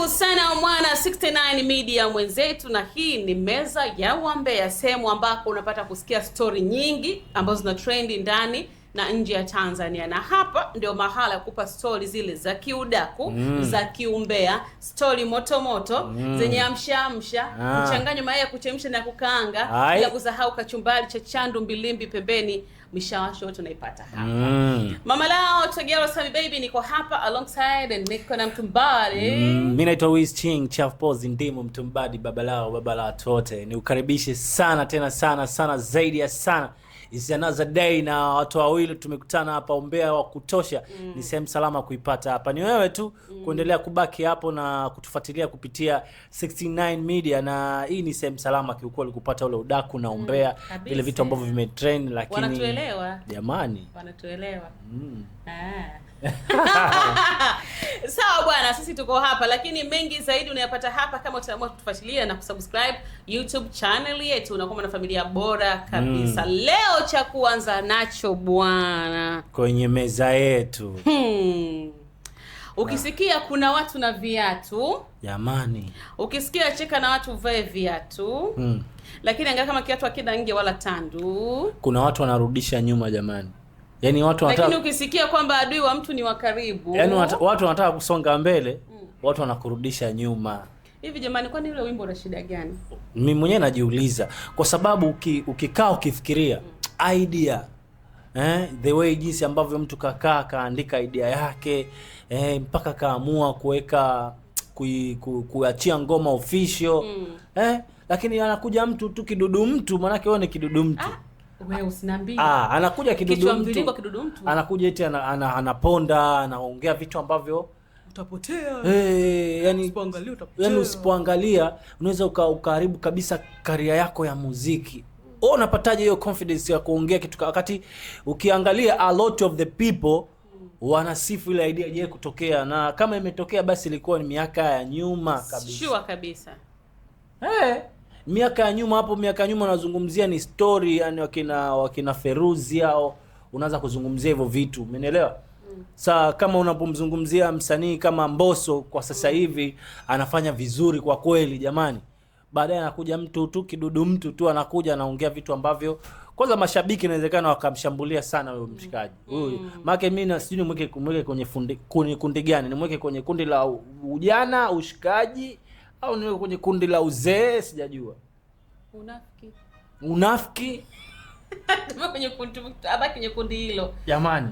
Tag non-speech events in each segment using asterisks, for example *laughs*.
Karibu sana mwana 69 media mwenzetu, na hii ni meza ya uambea, sehemu ambako unapata kusikia stori nyingi ambazo zina trendi ndani na nje ya Tanzania, na hapa ndio mahala ya kupa stori zile za kiudaku mm. za kiumbea, stori motomoto mm. zenye amshaamsha amsha mchanganyo ah. mayai ya kuchemsha na kukaanga, bila kusahau kachumbari cha chandu mbilimbi pembeni mishawasho wote unaipata hapa mm. Mama lao Togero Sami Baby, niko hapa alongside and niko na Mtumbadi mm. Mimi naitwa Wiz Ching Chef Pose, ndimo Mtumbadi, baba lao baba la watote. Niukaribishe sana tena sana sana zaidi ya sana It's another day na watu wawili tumekutana hapa, umbea wa kutosha mm. Ni sehemu salama kuipata hapa, ni wewe tu mm. kuendelea kubaki hapo na kutufuatilia kupitia 69 Media, na hii ni sehemu salama kiukweli kupata ule udaku na mm, umbea mm. vile vitu ambavyo vimetrain, lakini wanatuelewa jamani, wanatuelewa mm. Eh. *laughs* Sawa so, bwana, sisi tuko hapa, lakini mengi zaidi unayapata hapa kama utaamua kutufuatilia na kusubscribe YouTube channel yetu, unakuwa na familia bora kabisa. Mm. Leo cha kuanza nacho bwana, kwenye meza yetu hmm. Ukisikia kuna watu na viatu jamani, ukisikia cheka na watu vae viatu hmm. Lakini angalia kama kiatu akida nge wala tandu, kuna watu wanarudisha nyuma jamani yani watu wanataka, lakini ukisikia kwamba adui wa mtu ni wa karibu, yani watu wanataka kusonga mbele mm, watu wanakurudisha nyuma. Hivi jamani, kwani ule wimbo una shida gani? Mimi mwenyewe najiuliza kwa sababu uki, ukikaa ukifikiria mm, idea eh, the way jinsi ambavyo mtu kakaa kaandika idea yake eh, mpaka kaamua kuweka kui, ku, ngoma official mm, eh, lakini anakuja mtu tu kidudu mtu, maanake wewe ni kidudu mtu ah. Ah, anakuja kidudu mtu. Kidudu mtu. Anakuja eti ana, ana, anaponda, anaongea vitu ambavyo utapotea. Hey, eh, yani usipoangalia utapotea. Yani usipoangalia unaweza uka, ukaharibu kabisa karia yako ya muziki. Wewe unapataje hiyo confidence ya kuongea kitu wakati ukiangalia a lot of the people wanasifu ile idea je kutokea na kama imetokea basi ilikuwa ni miaka ya nyuma kabisa. Sure kabisa. Eh. Hey miaka ya nyuma hapo, miaka ya nyuma unazungumzia ni story, yani wakina wakina Feruzi au unaanza kuzungumzia hivyo vitu, umenielewa? Mm. Sa kama unapomzungumzia msanii kama Mbosso kwa sasa mm. hivi anafanya vizuri kwa kweli jamani, baadaye anakuja mtu tu kidudu, mtu tu anakuja anaongea vitu ambavyo kwanza mashabiki inawezekana wakamshambulia sana huyo mm. mshikaji huyu mm. Maana mimi na sijui nimweke kumweke kwenye fundi, kundi, kundi gani nimweke kwenye kundi la ujana ushikaji au niwe kwenye kundi la uzee, sijajua. Unafiki, unafiki *laughs* abaki kwenye kundi hilo jamani.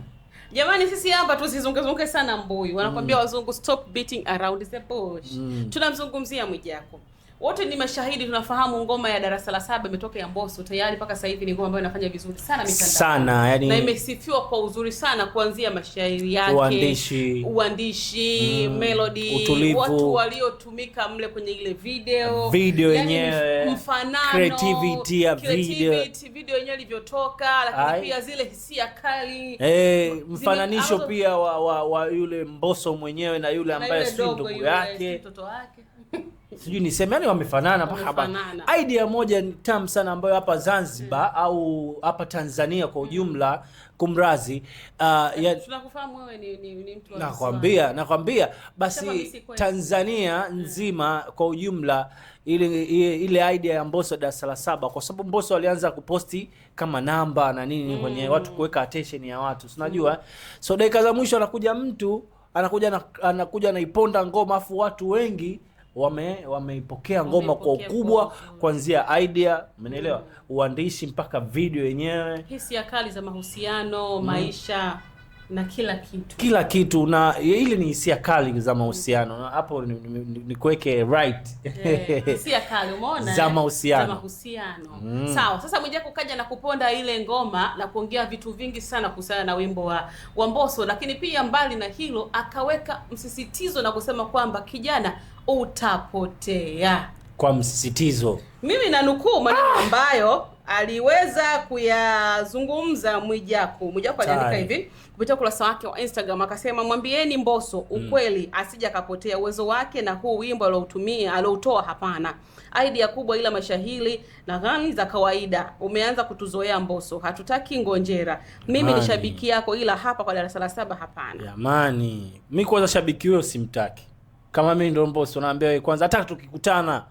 Jamani, sisi hapa tusizungezunge sana mbuyu, wanakwambia mm. Wazungu, stop beating around the bush mm. Tunamzungumzia Mwijaku wote ni mashahidi, tunafahamu ngoma ya darasa la saba imetoka ya Mbosso tayari, mpaka sasa hivi ni ngoma ambayo inafanya vizuri sana mitandao sana, yani... na imesifiwa kwa uzuri sana, kuanzia mashairi yake, uandishi, uandishi mm, melody, utulivu, watu waliotumika mle kwenye ile video video yenyewe, yani mfanano, creativity ya video, creativity video yenyewe ilivyotoka, lakini pia zile hisia kali eh, hey, mfananisho ambazo... pia wa, wa, wa yule Mbosso mwenyewe na yule ambaye si ndugu yake mtoto wake sijui niseme, yani wamefanana mpaka hapa. Idea moja ni tam sana ambayo hapa Zanzibar hmm. au hapa Tanzania kwa ujumla kumrazi uh, eh, ya... tunakufahamu wewe ni, ni, ni mtu wa nakwambia, nakwambia basi Tanzania mm. nzima kwa ujumla ile ile idea ya Mbosso darasa la saba, kwa sababu Mbosso alianza kuposti kama namba na nini mm. kwenye watu kuweka attention ya watu sinajua mm. so dakika za mwisho anakuja mtu anakuja na, anakuja anaiponda ngoma afu watu wengi wame wameipokea ngoma kwa ukubwa, kuanzia idea, umeelewa, uandishi mpaka video yenyewe, hisia kali za mahusiano, mm. maisha na kila kitu, kila kitu, na ile ni hisia kali za mahusiano hapo. nikuweke ni, ni right eh, *laughs* hisia kali, umeona, za eh? mahusiano za mahusiano mm. Sawa, sasa Mwijaku kaja na kuponda ile ngoma na kuongea vitu vingi sana kuhusiana na wimbo wa, wa Mbosso, lakini pia mbali na hilo akaweka msisitizo na kusema kwamba kijana utapotea kwa msisitizo. Mimi nanukuu maneno ah! ambayo aliweza kuyazungumza Mwijaku. Mwijaku aliandika hivi kupitia ukurasa wake wa Instagram akasema, mwambieni Mbosso mm. ukweli mm, asija akapotea uwezo wake na huu wimbo alioutumia alioutoa, hapana idea kubwa, ila mashahili na ghani za kawaida. Umeanza kutuzoea Mbosso, hatutaki ngonjera. Mimi ni shabiki yako, ila hapa kwa darasa la saba hapana. Jamani, mimi kwanza shabiki huyo simtaki. Kama mimi ndo Mbosso naambia kwanza, hata tukikutana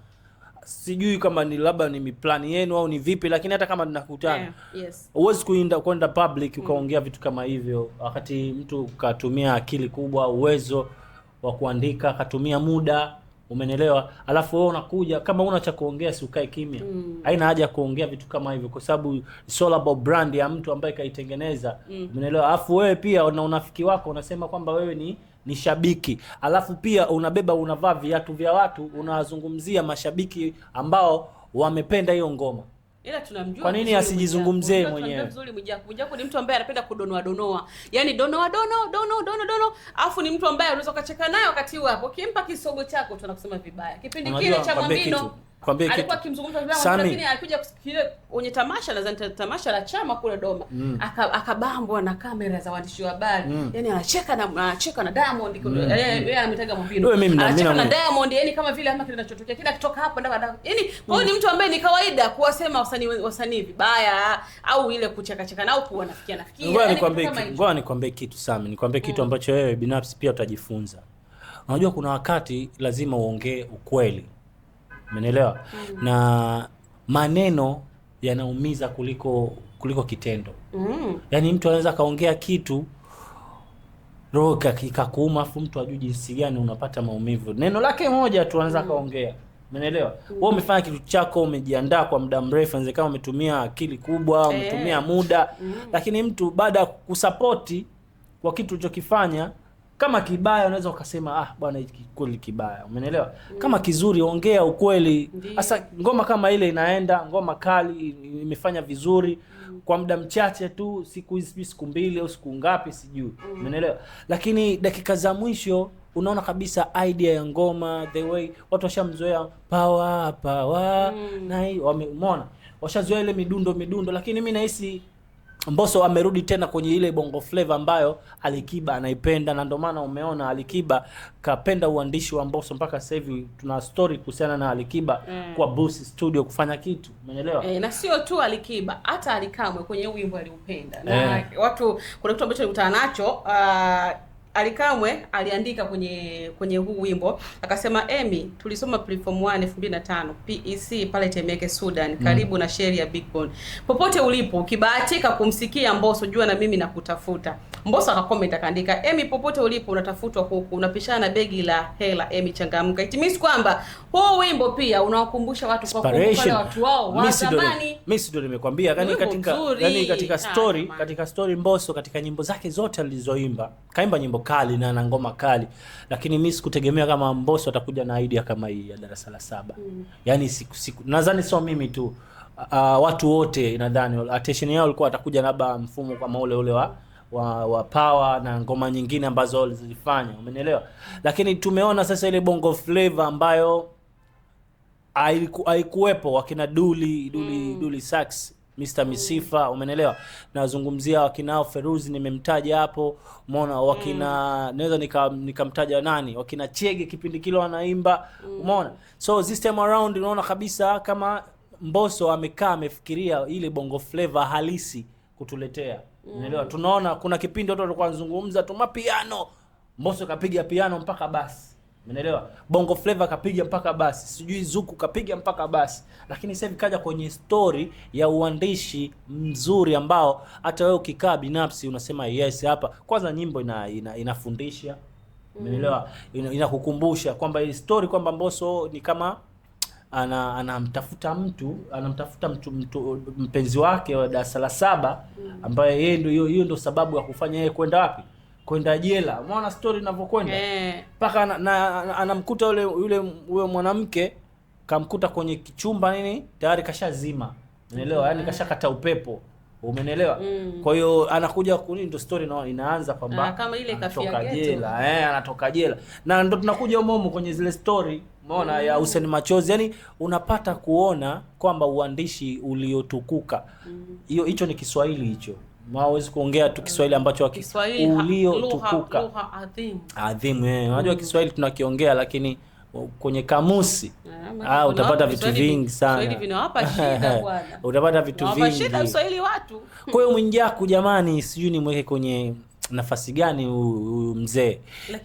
sijui kama ni labda ni miplani yenu au ni vipi, lakini hata kama tunakutana huwezi yeah, yes, kwenda public mm. ukaongea mm, vitu kama hivyo, wakati mtu katumia akili kubwa, uwezo wa kuandika, katumia muda, umenelewa, alafu wewe unakuja kama una cha kuongea, si ukae kimya mm. haja ya kuongea vitu kama hivyo, kwa sababu it's all about brand ya mtu ambaye kaitengeneza, mm. umenelewa Alafu wewe pia na una unafiki wako unasema kwamba wewe ni ni shabiki, alafu pia unabeba unavaa viatu vya watu, unawazungumzia mashabiki ambao wamependa hiyo ngoma. Ila tunamjua kwa nini asijizungumzie mwenyewe vizuri? Mwijaku Mwijaku ni mtu ambaye anapenda kudonoa donoa, yani donoa dono dono dono dono, afu ni mtu ambaye unaweza ukacheka naye wakati huo hapo. Ukimpa kisogo chako tu vibaya. Kipindi kile cha Mwambino Kwambie kitu. Alikuwa akimzungumza kwa sababu lakini alikuja kusikia kwenye tamasha na zani tamasha la chama kule Doma. Mm. Akabambwa na kamera za waandishi wa habari. Mm. Yaani anacheka na anacheka na Diamond mm. yeye ametega mwambino. Anacheka na Diamond yaani kama vile hapa kinachotokea kila kitoka hapo ndio ndio, Yaani mm. hiyo ni mtu ambaye ni kawaida kuwasema wasanii wasanii vibaya au ile kuchekachekana au kuwa nafikia nafikia. Ngoja yaani nikwambie kitu. Ngoja nikwambie kitu Sami. Nikwambie kitu mm. ambacho wewe binafsi pia utajifunza. Unajua kuna wakati lazima uongee ukweli. Umenielewa? mm. na maneno yanaumiza kuliko kuliko kitendo mm. Yaani mtu anaweza kaongea kitu roho ikakuuma, afu mtu ajui jinsi gani unapata maumivu. Neno lake moja tu anaweza mm. kaongea Mm. Wewe umefanya kitu chako, umejiandaa kwa muda mrefu, kama umetumia akili kubwa, umetumia eh. muda mm. lakini mtu baada ya kusapoti kwa kitu ulichokifanya kama kibaya unaweza ukasema ah, bwana hiki kweli kibaya, umenielewa? Kama kizuri ongea ukweli. Sasa ngoma kama ile inaenda, ngoma kali imefanya vizuri kwa muda mchache tu, siku hizi siku mbili au siku ngapi sijui, mm. umenielewa? Lakini dakika za mwisho unaona kabisa idea ya ngoma, the way watu washamzoea pawa pawa, mm. na hii wameona, washazoea ile midundo midundo, lakini mimi nahisi Mbosso amerudi tena kwenye ile bongo flavor ambayo Alikiba anaipenda, na ndio maana umeona Alikiba kapenda uandishi wa Mbosso mpaka sasa hivi tuna story kuhusiana na Alikiba mm. kwa Boss Studio kufanya kitu, umeelewa E, Na sio tu Alikiba, hata Alikamwe kwenye wimbo aliupenda eh. na e. Watu kuna kitu ambacho alikutana nacho uh, Alikamwe aliandika kwenye kwenye huu wimbo akasema, Emi, tulisoma platform 1 2005 PEC pale Temeke Sudan, mm. karibu mm. na sheri ya Big Bone. Popote ulipo ukibahatika kumsikia Mbosso, jua na mimi nakutafuta. Mbosso akakomenti akaandika, Emi popote ulipo unatafutwa huku, unapishana na begi la hela, Emi changamka. It means kwamba huu wimbo pia unawakumbusha watu kwa kuwakumbuka watu wao wa zamani. Mimi ndio nimekwambia, yani katika yani katika ah, story ha, katika story Mbosso katika nyimbo zake zote alizoimba, kaimba nyimbo kali na ana ngoma kali, lakini mimi sikutegemea kama Mbosso atakuja na idea kama hii ya darasa la saba. Mm. Yaani siku, siku nadhani sio mimi tu. Uh, watu wote nadhani attention yao ilikuwa atakuja labda mfumo kama ule ule wa mm wa, wa Power na ngoma nyingine ambazo zilifanya, umenielewa. Lakini tumeona sasa ile Bongo Flava ambayo haikuwepo, wakina Duli Duli, mm. Duli Sax Mr. Misifa, umenelewa. Nazungumzia wakinao Feruzi nimemtaja hapo, umeona wakina mm. naweza nikamtaja nika nani, wakina Chege kipindi kile wanaimba mm. umeona. So this time around unaona kabisa kama Mbosso amekaa amefikiria ile Bongo Flava halisi kutuletea. Unaelewa? Mm. Tunaona kuna kipindi watu walikuwa wanazungumza tu mapiano. Mbosso kapiga piano mpaka basi. Unaelewa? Bongo Flava kapiga mpaka basi. Sijui Zuku kapiga mpaka basi. Lakini sasa hivi kaja kwenye story ya uandishi mzuri ambao hata wewe ukikaa binafsi unasema yes hapa. Kwanza nyimbo ina, ina, inafundisha. Unaelewa? Mm. Inakukumbusha ina kwamba hii story kwamba Mbosso ni kama ana, anamtafuta mtu anamtafuta mtu, mtu mpenzi wake wa darasa la saba mm. ambaye yeye ndio hiyo ndio sababu ya kufanya yeye kwenda wapi kwenda jela. Umeona story inavyokwenda mpaka eh. hey. Anamkuta yule yule yule mwanamke kamkuta kwenye kichumba nini tayari kashazima, unaelewa yaani mm. Yani kashakata upepo, umenelewa mm. Kwa hiyo anakuja kuni, ndo story no, inaanza kwamba ah, kama ile kafia anatoka jela eh, anatoka jela na ndo tunakuja umomo kwenye zile story mm. ya Hussein Machozi, yani unapata kuona kwamba uandishi uliotukuka mm. hiyo, hicho ni Kiswahili hicho hawezi kuongea tu Kiswahili ambacho uliotukuka adhimu. Eh. Unajua mm. Kiswahili tunakiongea, lakini kwenye kamusi eh, ah, *laughs* utapata vitu vingi sana, utapata vitu vingi. Kwa hiyo Mwijaku jamani, sijui nimweke kwenye nafasi gani huyu mzee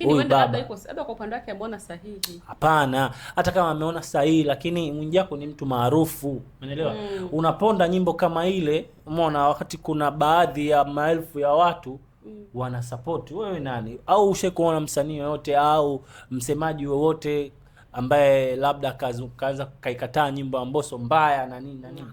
huyu baba? Kwa upande wake sahihi. Hapana, hata kama ameona sahihi, lakini Mwijaku ni mtu maarufu, umeelewa? mm. unaponda nyimbo kama ile, umeona, wakati kuna baadhi ya maelfu ya watu mm. wana support wewe, nani au ushe kuona msanii yoyote au msemaji wowote ambaye labda kaanza kaikataa nyimbo ya mboso mbaya na nini na nini?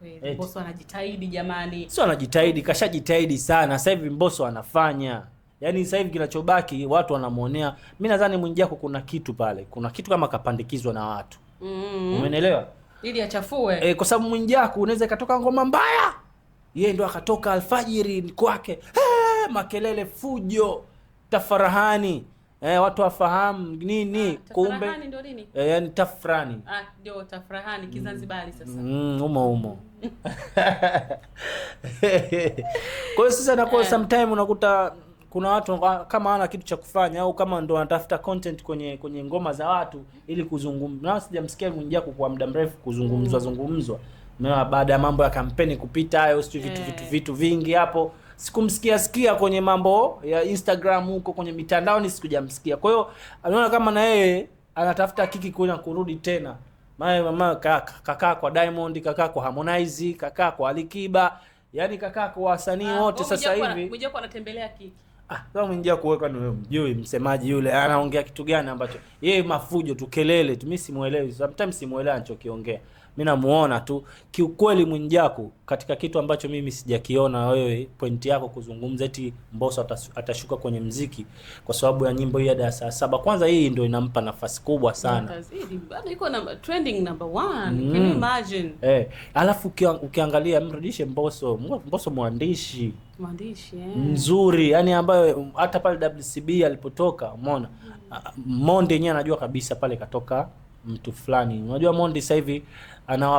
Kweli Mbosso anajitahidi jamani. Sio anajitahidi, kashajitahidi sana. Sasa hivi Mbosso anafanya. Yaani sasa hivi kinachobaki watu wanamwonea. Mimi nadhani Mwijaku kuna kitu pale. Kuna kitu kama kapandikizwa na watu. Mm mm-hmm. Umeelewa? Ili achafue. Eh, kwa sababu Mwijaku unaweza ikatoka ngoma mbaya. Yeye ndo akatoka alfajiri kwake. makelele, fujo, tafarahani eh, watu wafahamu nini ah, kumbe nini? Eh, yani tafrani ah, ndio tafrani Kizanzibari sasa mm, umo umo *laughs* kwa hiyo sasa nakuwa eh. sometime unakuta kuna watu kama hawana kitu cha kufanya au kama ndo wanatafuta content kwenye kwenye ngoma za watu ili kuzungumza. Na sijamsikia Mwijaku kwa muda mrefu kuzungumzwa mm. zungumzwa, na baada ya mambo ya kampeni kupita hayo, sio vitu eh. vitu vitu vingi hapo sikumsikia sikia kwenye mambo ya Instagram huko kwenye mitandaoni sikujamsikia. Kwa hiyo anaona kama na yeye anatafuta kiki kuna kurudi tena. Mae mama kaka, kakaa kwa Diamond, kakaa kwa Harmonize, kaka kwa Alikiba, yani kakaa kwa wasanii ah, wote sasa hivi. kwa anatembelea kiki. Ah, sasa Mwijaku kuweka ni wewe mjui msemaji yule anaongea kitu gani ambacho yeye mafujo tu kelele tu mimi simuelewi. Sometimes simuelewi anachokiongea mi namuona tu kiukweli Mwijaku katika kitu ambacho mimi sijakiona. Wewe pointi yako kuzungumza eti Mbosso atashuka kwenye mziki kwa sababu ya nyimbo hii ya darasa saba, kwanza hii ndio inampa nafasi kubwa sana mm. eh? Alafu ukiangalia mrudishe Mbosso, Mbosso mwandishi mwandishi yeah, mzuri yani, ambayo hata pale WCB alipotoka umeona, mm. Monde yenyewe anajua kabisa pale katoka mtu fulani. Unajua Mondi sasa hivi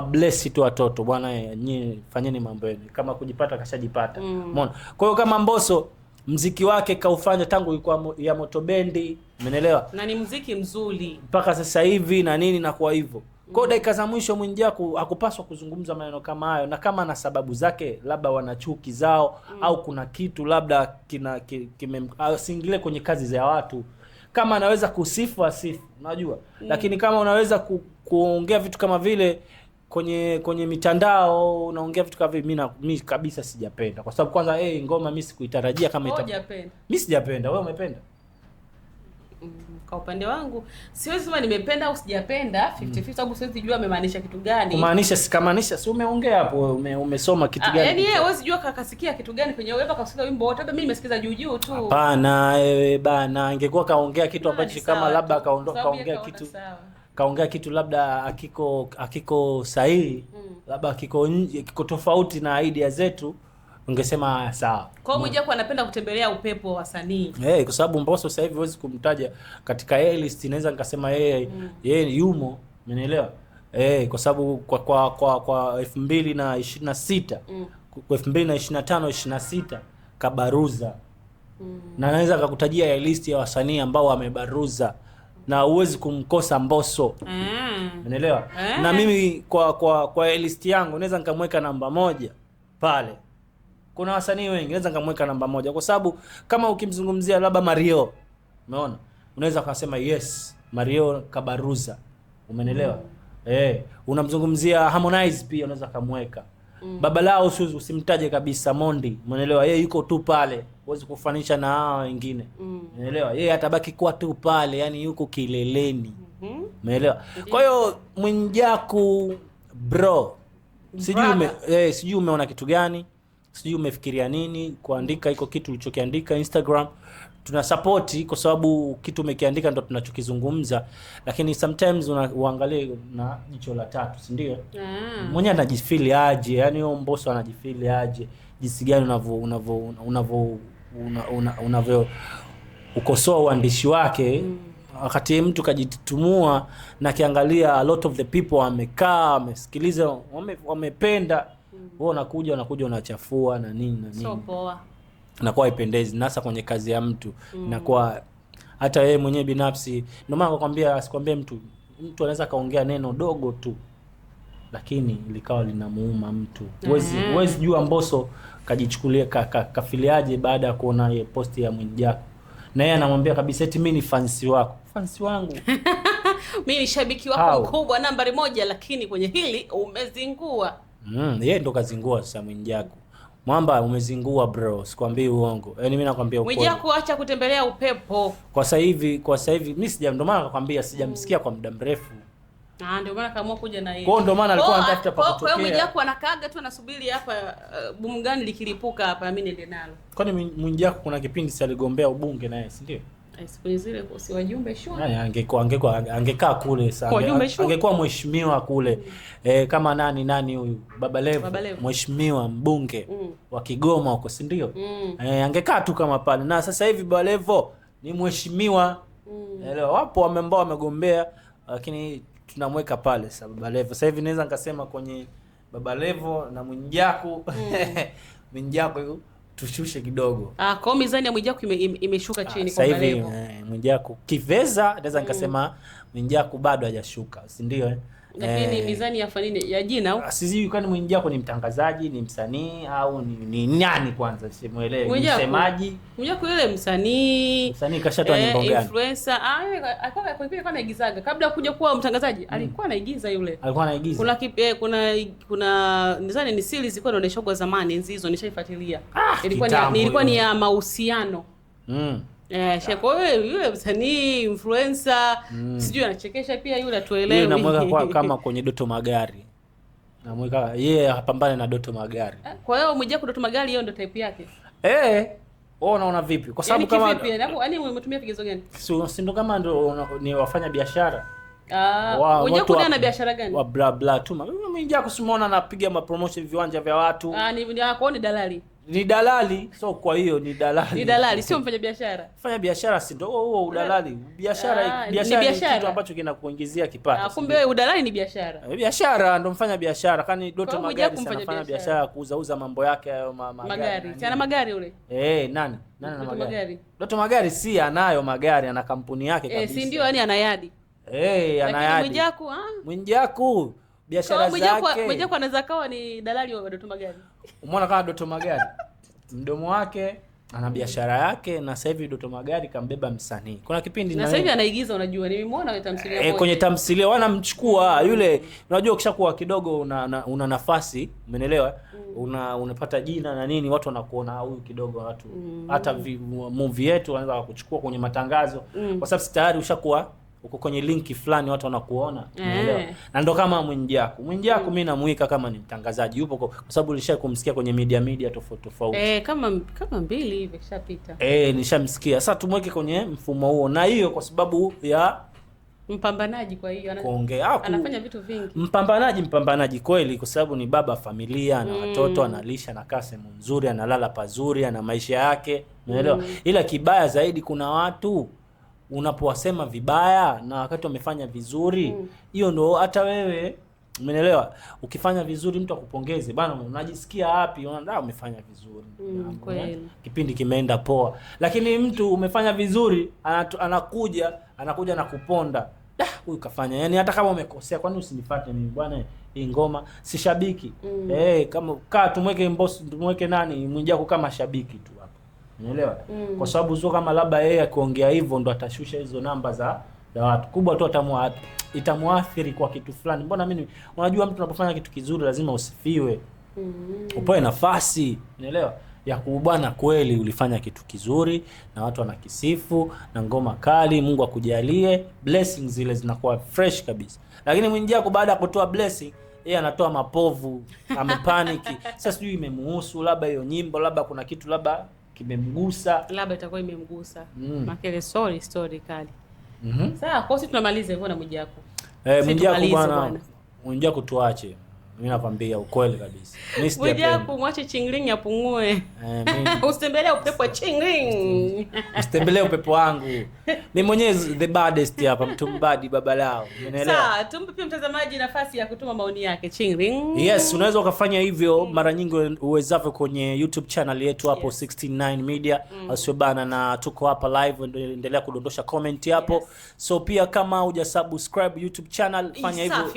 bless tu watoto, bwana nyinyi fanyeni mambo yenu, kama kujipata kashajipata. Mm. Umeona? Mm. Kwa hiyo kama mboso mziki wake kaufanya tangu ilikuwa ya moto bendi, umeelewa? Na ni mziki mzuri mpaka sasa hivi na nini na kwa hivyo kwa mm. dakika za mwisho Mwijaku hakupaswa kuzungumza maneno kama hayo, na kama na sababu zake, labda wana chuki zao mm. au kuna kitu labda kina kimemsingile kwenye kazi za watu kama anaweza kusifu asifu, unajua mm. Lakini kama unaweza ku, kuongea vitu kama vile kwenye kwenye mitandao unaongea vitu kama vile, mimi kabisa sijapenda, kwa sababu kwanza hey, eh, ngoma mimi sikuitarajia kama ita, mimi sijapenda. Wewe umependa? kwa upande wangu siwezi sema nimependa au sijapenda 50 mm. sababu siwezi jua amemaanisha kitu gani. Kumaanisha sikamaanisha, si umeongea hapo, ume, umesoma kitu ah, gani? Yaani yeye huwezi jua kakasikia kitu gani kwenye wewe, kakasikia wimbo wote, labda mimi nimesikiza juu juu tu. Hapana wewe bana, angekuwa kaongea kitu ambacho kama labda kaondoka, kaongea kitu kaongea kitu labda akiko akiko sahihi, mm. labda akiko kiko tofauti na idea zetu ungesema sawa. Kwa hiyo Mwijaku anapenda kutembelea upepo wa wasanii hey, eh, kwa sababu Mbosso sasa hivi huwezi kumtaja katika A list, naweza nikasema yeye mm. yeye yumo, umenielewa hey, eh, kwa sababu kwa kwa kwa kwa 2026 mm. kwa 2025 26 kabaruza mm. na naweza akakutajia ya list ya wasanii ambao wamebaruza na huwezi kumkosa Mbosso mm. Eh. Unaelewa? Mm. Na mimi kwa kwa kwa list yangu naweza nikamweka namba moja pale kuna wasanii wengi naweza nikamweka namba moja, kwa sababu kama ukimzungumzia labda Mario, umeona, unaweza kusema yes, Mario Kabaruza, umenelewa mm. Eh, unamzungumzia Harmonize pia unaweza kamweka mm. baba lao usiwezi usimtaje kabisa, Mondi, umenelewa Yeye yuko tu pale, huwezi kufanisha na hawa wengine mm. umeelewa? Yeye atabaki kuwa tu pale, yani yuko kileleni, mm-hmm. umeelewa? mm -hmm. Kwa hiyo Mwijaku bro, sijui ume, eh, sijui umeona kitu gani sijui umefikiria nini kuandika iko kitu ulichokiandika Instagram tunasapoti kwa sababu kitu umekiandika ndo tunachokizungumza, lakini sometimes uangalie na jicho la tatu, si ndio? Mm. mwenye anajifili aje, yani huyo mboso anajifili aje, jinsi gani unavyo unavyo unavyo unavyo ukosoa uandishi wake mm. Wakati mtu kajitumua na kiangalia, a lot of the people wamekaa wamesikiliza, wame, wamependa mm. wewe unakuja unakuja unachafua na nini na nini, sio poa, nakuwa ipendezi nasa kwenye kazi ya mtu mm. nakuwa hata yeye mwenyewe binafsi. Ndio maana nakwambia, asikwambie mtu, mtu anaweza kaongea neno dogo tu lakini likawa linamuuma mtu. Huwezi mm -hmm. jua Mboso kajichukulia ka, ka, kafiliaje baada ya kuona ye posti ya Mwijaku, na yeye anamwambia kabisa eti mimi ni fansi wako. Fansi wangu *laughs* mimi ni shabiki wako mkubwa nambari moja, lakini kwenye hili umezingua. Mm, yeye ndo kazingua sasa Mwijaku. Mwamba umezingua bro, sikwambii uongo. Yaani mimi nakwambia ukweli. Mwijaku acha kutembelea upepo. Kwa sasa hivi, kwa sasa hivi mimi sija ndo maana nakwambia sijamsikia kwa muda mrefu. Ah, ndio maana kaamua kuja na yeye. Kwa ndo maana alikuwa oh, anatafuta pa kutokea. Kwa hiyo Mwijaku anakaaga tu anasubiri hapa uh, bomu gani likilipuka hapa mimi niende nalo. Kwani Mwijaku kuna kipindi si aligombea ubunge naye, si ndio? Eh, zile si wajumbe shule, angekaa kule sana, angekuwa mheshimiwa kule mm. E, kama nani nani huyu Baba mheshimiwa mbunge mm. wa Kigoma huko, sindio mm. E, angekaa tu kama pale, na sasa hivi Baba ni mheshimiwa mm. elewa. Wapo wame ambao wamegombea, lakini tunamweka pale sa Baba Levo. hivi naweza nikasema kwenye Baba na Mwijaku mm. *laughs* Mwijaku tushushe kidogo. Ah, kwa mizani ya Mwijaku ime, imeshuka chini kwa hivi. Eh, mwijaku kiveza naweza nikasema mm. Mwijaku bado hajashuka, si ndio? Eh? Lakini eh, mizani ya fanini ya jina ah, sijui kwani Mwijaku ni mtangazaji, ni msanii au ni, ni nani kwanza simuelewi, ni msemaji. Mwijaku yule msanii. Msanii kashatoa eh, nyimbo gani? Influencer. Ah, alikuwa kwa kipindi alikuwa anaigizaga kabla kuja kuwa mtangazaji, mm. Alikuwa anaigiza yule. Alikuwa anaigiza. Kuna kipi eh, kuna kuna mizani ni series ilikuwa inaonyeshwa kwa zamani, nzizo nishaifuatilia. Ah, ilikuwa ni ilikuwa ni ya mahusiano. Mm. Eh, shekwa ah. wewe yule msanii influencer mm. Sijui anachekesha pia yule atuelewe. Namweka kwa *laughs* kama kwenye Doto Magari. Namweka yeye yeah, apambane na Doto Magari. Eh, kwa hiyo Mwijaku Doto Magari hiyo ndio type yake. Eh. Wewe unaona vipi? Kwa sababu yaani kama vipi? Yaani, yaani umetumia vigezo gani? Si ndo kama ndio ni wafanya biashara. Ah, wow, Mwijaku ana biashara gani? Wa bla bla tu. Mwijaku simuona anapiga ma promotion viwanja vya watu. Ah, ni kwa ni dalali ni dalali, so kwa hiyo ni dalali, ni dalali, sio mfanya biashara. fanya biashara si ndio huo oh, oh, udalali? Biashara, ah, biashara ni kitu ambacho kinakuongezea kipato. Ah, kumbe wewe udalali ni biashara. Eh, biashara ndio mfanya biashara, kani Doto Magari anafanya biashara kuuza uza mambo yake hayo ma, magari. Ana magari ule eh, hey, nani nani ana magari? Doto Magari si anayo magari, ana kampuni yake kabisa, eh si ndio? Yani ana yadi eh, ana yadi. Mwijaku, ah. mwinjaku biashara zake, mwinjaku anaweza kawa ni dalali wa Doto Magari. Umeona kama Doto Magari mdomo wake ana biashara yake na sasa hivi Doto Magari kambeba msanii. Kuna kipindi na sasa hivi anaigiza, unajua nimemwona kwenye tamthilia Eh, kwenye tamthilia wanamchukua yule. Unajua ukishakuwa kidogo una, una, una nafasi, umeelewa? Mm. Una, unapata jina na nini, watu wanakuona huyu kidogo, watu mm. hata movie yetu wanaanza kukuchukua kwenye matangazo mm. kwa sababu tayari ushakuwa uko kwenye linki fulani watu wanakuona, unaelewa? Eh. Na ndo kama Mwijaku. Mwijaku mimi namuika kama ni mtangazaji, yupo kwa sababu nilisha kumsikia kwenye media media tofauti tofauti, eh, kama kama mbili hivi kishapita, eh, nishamsikia. Sasa tumweke kwenye mfumo huo, na hiyo kwa sababu ya mpambanaji, kwa hiyo anaongea, anafanya vitu vingi, mpambanaji, mpambanaji kweli, kwa sababu ni baba familia, na mm. watoto, analisha, anakaa sehemu nzuri, analala pazuri, ana maisha yake, unaelewa? Mm. Ila kibaya zaidi, kuna watu unapowasema vibaya na wakati wamefanya vizuri mm. hiyo mm. Ndo hata wewe umenielewa, ukifanya vizuri mtu akupongeze bana, unajisikia wapi? Unaona ah, umefanya vizuri mm, eh, kweli kipindi kimeenda poa, lakini mtu umefanya vizuri anatu, anakuja anakuja na kuponda huyu kafanya, yani hata kama umekosea, kwani usinifate mimi bwana, hii ngoma si shabiki mm. Eh, kama kaa tumweke mbosi tumweke nani mwingia kama shabiki tu Unaelewa? Mm. Kwa sababu sio kama labda yeye akiongea hivyo ndo atashusha hizo namba za za watu. Kubwa tu atamwa itamwathiri kwa kitu fulani. Mbona mimi unajua mtu unapofanya kitu kizuri lazima usifiwe. Mm. upoe nafasi, unaelewa? Ya kuubana kweli ulifanya kitu kizuri na watu wanakisifu na ngoma kali, Mungu akujalie blessings zile zinakuwa fresh kabisa. Lakini Mwijaku baada ya kutoa blessing yeye anatoa mapovu, *laughs* amepaniki. Sasa sijui imemuhusu labda hiyo nyimbo, labda kuna kitu labda kimemgusa, labda itakuwa imemgusa mm. Makele story story kali mm -hmm. Sawa, kwa sisi tunamaliza hivyo na Mwijaku eh, Mwijaku bwana, Mwijaku tuache. Mimi nakwambia ukweli kabisa. Mimi sijaku mwache chingling apungue. Eh, *laughs* usitembelee upepo chingling. Usitembelee upepo wangu. ni mwenyewe the baddest hapa mtumbadi baba lao. Unaelewa? Sawa, tumpe pia mtazamaji nafasi ya kutuma maoni yake chingling. Yes, unaweza ukafanya hivyo mm. mara nyingi uwezavyo kwenye YouTube channel yetu hapo yes. 69 Media. Mm. Asiobana na tuko hapa live endelea kudondosha comment hapo. Yes. So pia kama hujasubscribe YouTube channel fanya hivyo.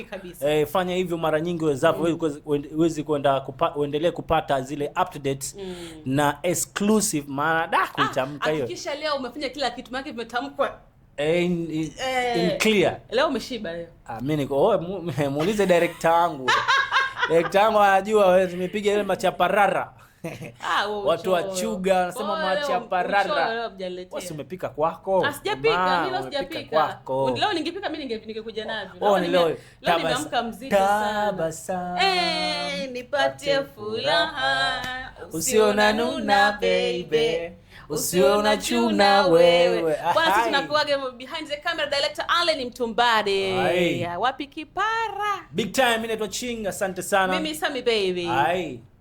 Eh, fanya hivyo mara nyingi uwezavyo alafu huwezi kwenda uendelee kupata zile updates mm. na exclusive maana da ah, kuitamka hiyo. Hakikisha leo umefanya kila kitu, maana vimetamkwa eh, In, in, eh. in clear. Leo umeshiba leo. Ah, mimi niko oh, *laughs* muulize director wangu. *laughs* Director wangu anajua nimepiga ile machaparara. *laughs* Ah, watu wachuga wanasema parara, Wasi umepika kwako? Ah, sijapika, mimi sijapika. Leo ningepika mimi ningekuja navyo. Oh, leo nimeamka mzito Eh, nipatie furaha. Usiona nuna baby. usio na chuna wewe. sisi ah, tunakuaga behind the camera director Allen Mtumbade. Wapi kipara? Big time, mimi naitwa Ching, asante sana. Mimi Sami baby. Hai.